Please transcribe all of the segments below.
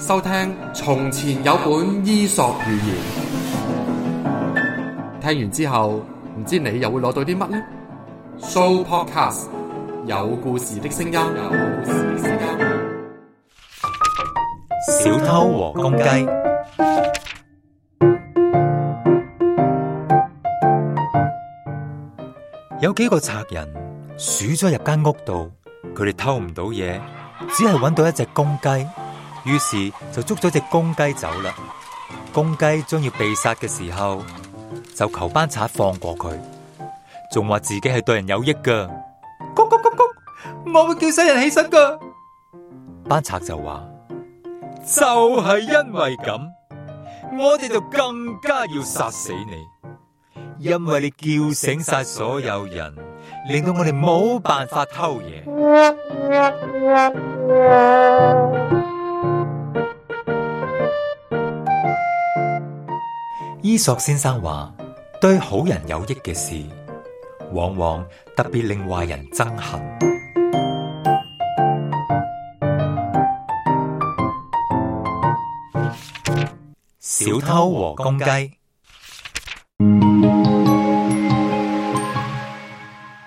收聽從前有本伊索寓言，聽完之後唔知你又會攞到啲乜呢？Sooopodcast，有故事的聲音，小偷和公雞，有幾個賊人鼠咗入間屋度，佢哋偷唔到嘢，只係揾到一隻公雞。於是就捉咗隻公雞走啦。公雞將要被殺嘅時候，就求班賊放過佢，仲話自己係對人有益噶。公公公公，我會叫醒人起身噶。班賊就話：就係因為咁，我哋就更加要殺死你，因為你叫醒晒所有人，令到我哋冇辦法偷嘢。嗯伊索先生話：對好人有益嘅事，往往特別令壞人憎恨。小偷和公雞。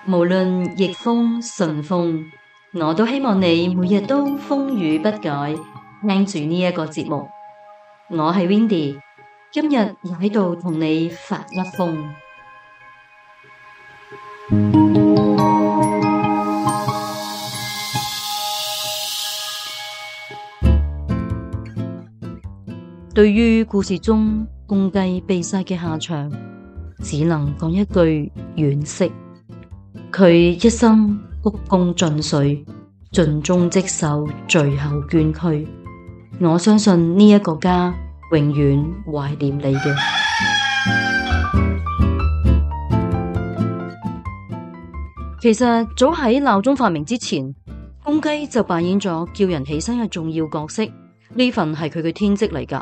無論逆風順風，我都希望你每日都風雨不改，拎住呢一個節目。我係 Windy 今日又喺度同你發噏風。對於故事中公雞被殺嘅下場，只能講一句惋惜。佢一生鞠躬盡瘁，盡忠職守，最後捐軀。我相信呢一個家。永遠懷念你嘅。其實早喺鬧鐘發明之前，公雞就扮演咗叫人起身嘅重要角色。呢份係佢嘅天職嚟㗎，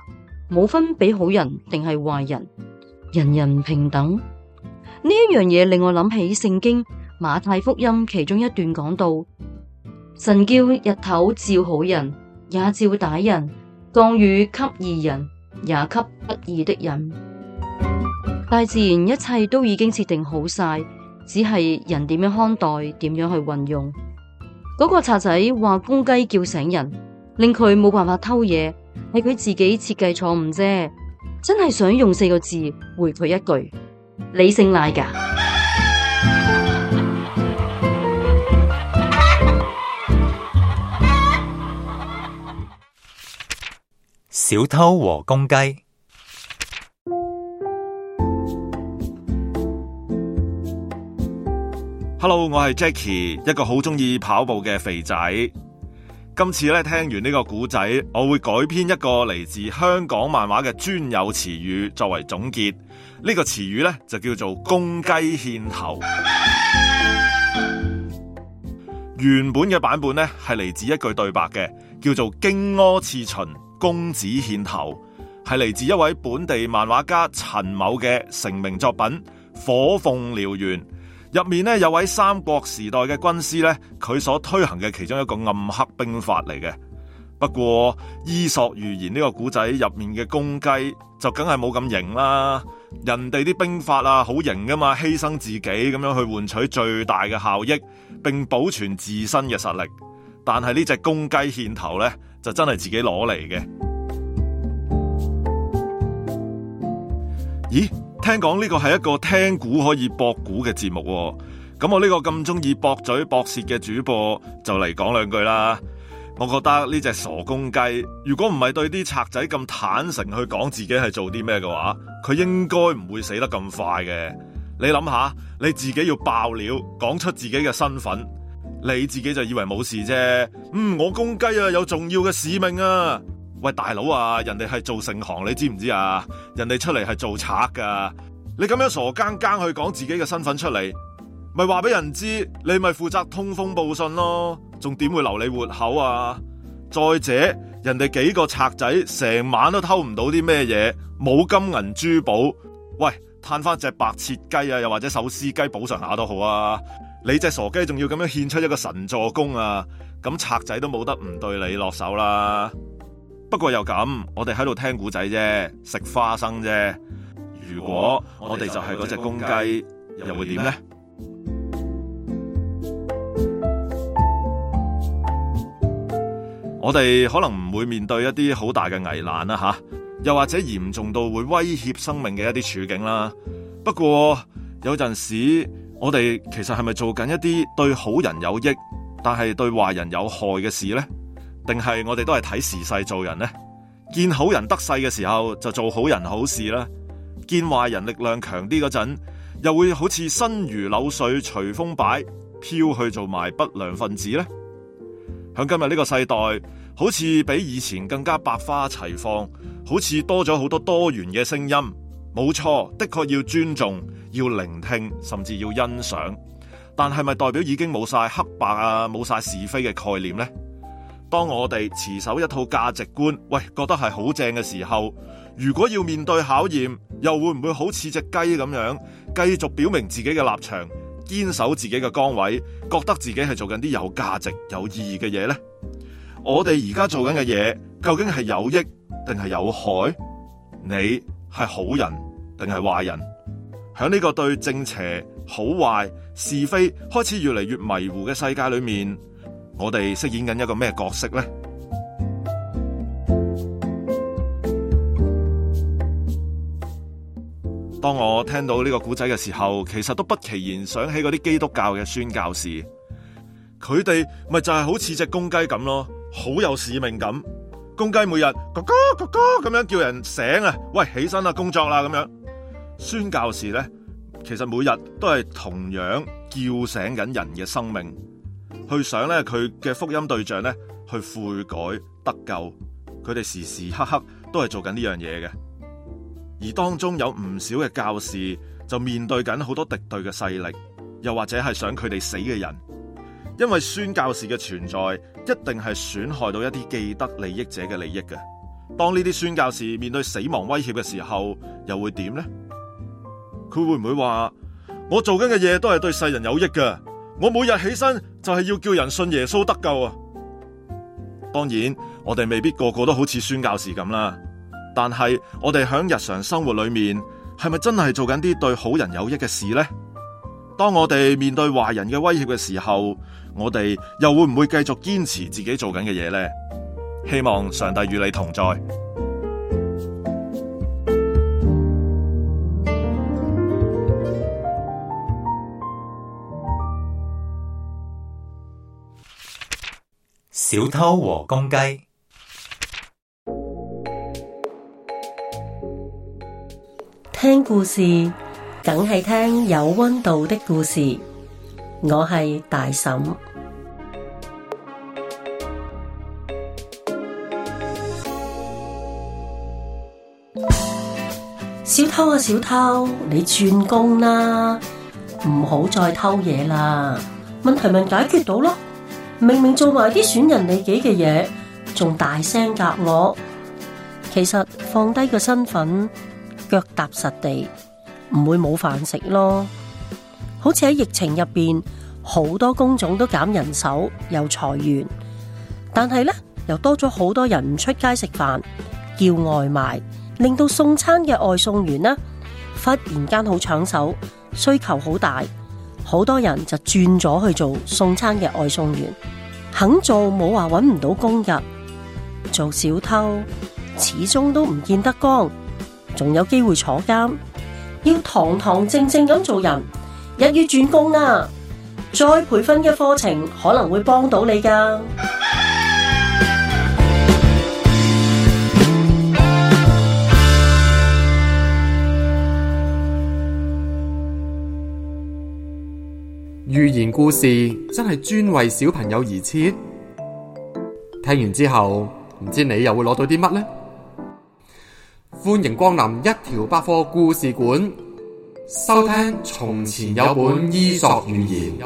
冇分俾好人定係壞人，人人平等。呢一樣嘢令我諗起聖經馬太福音其中一段講到：神叫日頭照好人，也照歹人，降雨給義人。也給不義的人。大自然一切都已經設定好晒，只係人點樣看待，點樣去運用。嗰、那個賊仔話公雞叫醒人，令佢冇辦法偷嘢，係佢自己設計錯誤啫。真係想用四個字回佢一句：理性賴噶。小偷和公雞。Hello，我係 Jacky，一個好中意跑步嘅肥仔。今次咧聽完呢個古仔，我會改編一個嚟自香港漫畫嘅專有詞語作為總結。呢、呢個詞語呢，就叫做公雞獻頭。原本嘅版本呢，係嚟自一句對白嘅，叫做荊軻刺秦。公子獻頭係嚟自一位本地漫畫家陳某嘅成名作品《火鳳燎原》入面咧，有位三國時代嘅軍師咧，佢所推行嘅其中一個暗黑兵法嚟嘅。不過伊索寓言呢個古仔入面嘅公雞就梗係冇咁型啦，人哋啲兵法啊好型噶嘛，犧牲自己咁樣去換取最大嘅效益，並保存自身嘅實力。但係呢隻公雞獻頭呢？就真係自己攞嚟嘅。咦？聽講呢個係一個聽故可以駁故嘅節目喎。咁我呢個咁中意駁嘴駁舌嘅主播，就嚟講兩句啦。我覺得呢隻傻公雞，如果唔係對啲賊仔咁坦誠去講自己係做啲咩嘅話，佢應該唔會死得咁快嘅。你諗下，你自己要爆料，講出自己嘅身份。你自己就以為冇事啫，嗯，我公雞啊有重要嘅使命啊！喂，大佬啊，人哋係做盛行，你知唔知啊？人哋出嚟係做賊噶，你咁樣傻更更去講自己嘅身份出嚟，咪話俾人知，你咪負責通風報信咯，仲點會留你活口啊？再者，人哋幾個賊仔成晚都偷唔到啲咩嘢，冇金銀珠寶，喂，嘆翻隻白切雞啊，又或者手撕雞補償下都好啊！你隻傻雞仲要咁樣獻出一個神助攻啊！咁賊仔都冇得唔對你落手啦。不過又咁，我哋喺度聽古仔啫，食花生啫。如果我哋就係嗰隻公雞，又會點呢？我哋可能唔會面對一啲好大嘅危難啦，吓，又或者嚴重到會威脅生命嘅一啲處境啦。不過有陣時。我哋其實係咪做緊一啲對好人有益，但係對壞人有害嘅事呢？定係我哋都係睇時勢做人呢？見好人得勢嘅時候就做好人好事啦，見壞人力量強啲嗰陣，又會好似身如柳絮隨風擺，飄去做埋不良分子呢？響今日呢個世代，好似比以前更加百花齊放，好似多咗好多多元嘅聲音。冇錯，的確要尊重。要聆聽甚至要欣賞，但係咪代表已經冇晒黑白啊，冇晒是非嘅概念呢？當我哋持守一套價值觀，喂，覺得係好正嘅時候，如果要面對考驗，又會唔會好似隻雞咁樣，繼續表明自己嘅立場，堅守自己嘅崗位，覺得自己係做緊啲有價值、有意義嘅嘢呢？我哋而家做緊嘅嘢，究竟係有益定係有害？你係好人定係壞人？喺呢個對正邪、好壞、是非開始越嚟越迷糊嘅世界裏面，我哋飾演緊一個咩角色咧？當我聽到呢個古仔嘅時候，其實都不期然想起嗰啲基督教嘅宣教士，佢哋咪就係好似隻公雞咁咯，好有使命感。公雞每日咯咯咯咯咁樣叫人醒啊，喂，起身啦，工作啦，咁樣。宣教士咧，其實每日都係同樣叫醒緊人嘅生命，去想咧佢嘅福音對象咧去悔改得救。佢哋時時刻刻都係做緊呢樣嘢嘅。而當中有唔少嘅教士就面對緊好多敵對嘅勢力，又或者係想佢哋死嘅人。因為宣教士嘅存在一定係損害到一啲既得利益者嘅利益嘅。當呢啲宣教士面對死亡威脅嘅時候，又會點呢？佢會唔會話我做緊嘅嘢都係對世人有益㗎？我每日起身就係要叫人信耶穌得救啊！當然，我哋未必個個都好似宣教士咁啦，但係我哋響日常生活裏面，係咪真係做緊啲對好人有益嘅事呢？當我哋面對壞人嘅威脅嘅時候，我哋又會唔會繼續堅持自己做緊嘅嘢呢？希望上帝與你同在。小偷和公雞，聽故事梗係聽有温度的故事。我係大嬸。小偷啊，小偷，你轉工啦，唔好再偷嘢啦。問題咪解決到咯？明明做埋啲損人利己嘅嘢，仲大聲夾我。其實放低個身份，腳踏實地，唔會冇飯食咯。好似喺疫情入邊，好多工種都減人手又裁員，但係咧又多咗好多人唔出街食飯，叫外賣，令到送餐嘅外送員呢忽然間好搶手，需求好大。好多人就轉咗去做送餐嘅外送員，肯做冇話搵唔到工㗎，做小偷始終都唔見得光，仲有機會坐監，要堂堂正正咁做人，日要轉工啦！再培訓嘅課程可能會幫到你噶。寓言故事真係專為小朋友而設，聽完之後唔知你又會攞到啲乜咧？歡迎光臨一條百貨故事館，收聽從前有本伊索寓言。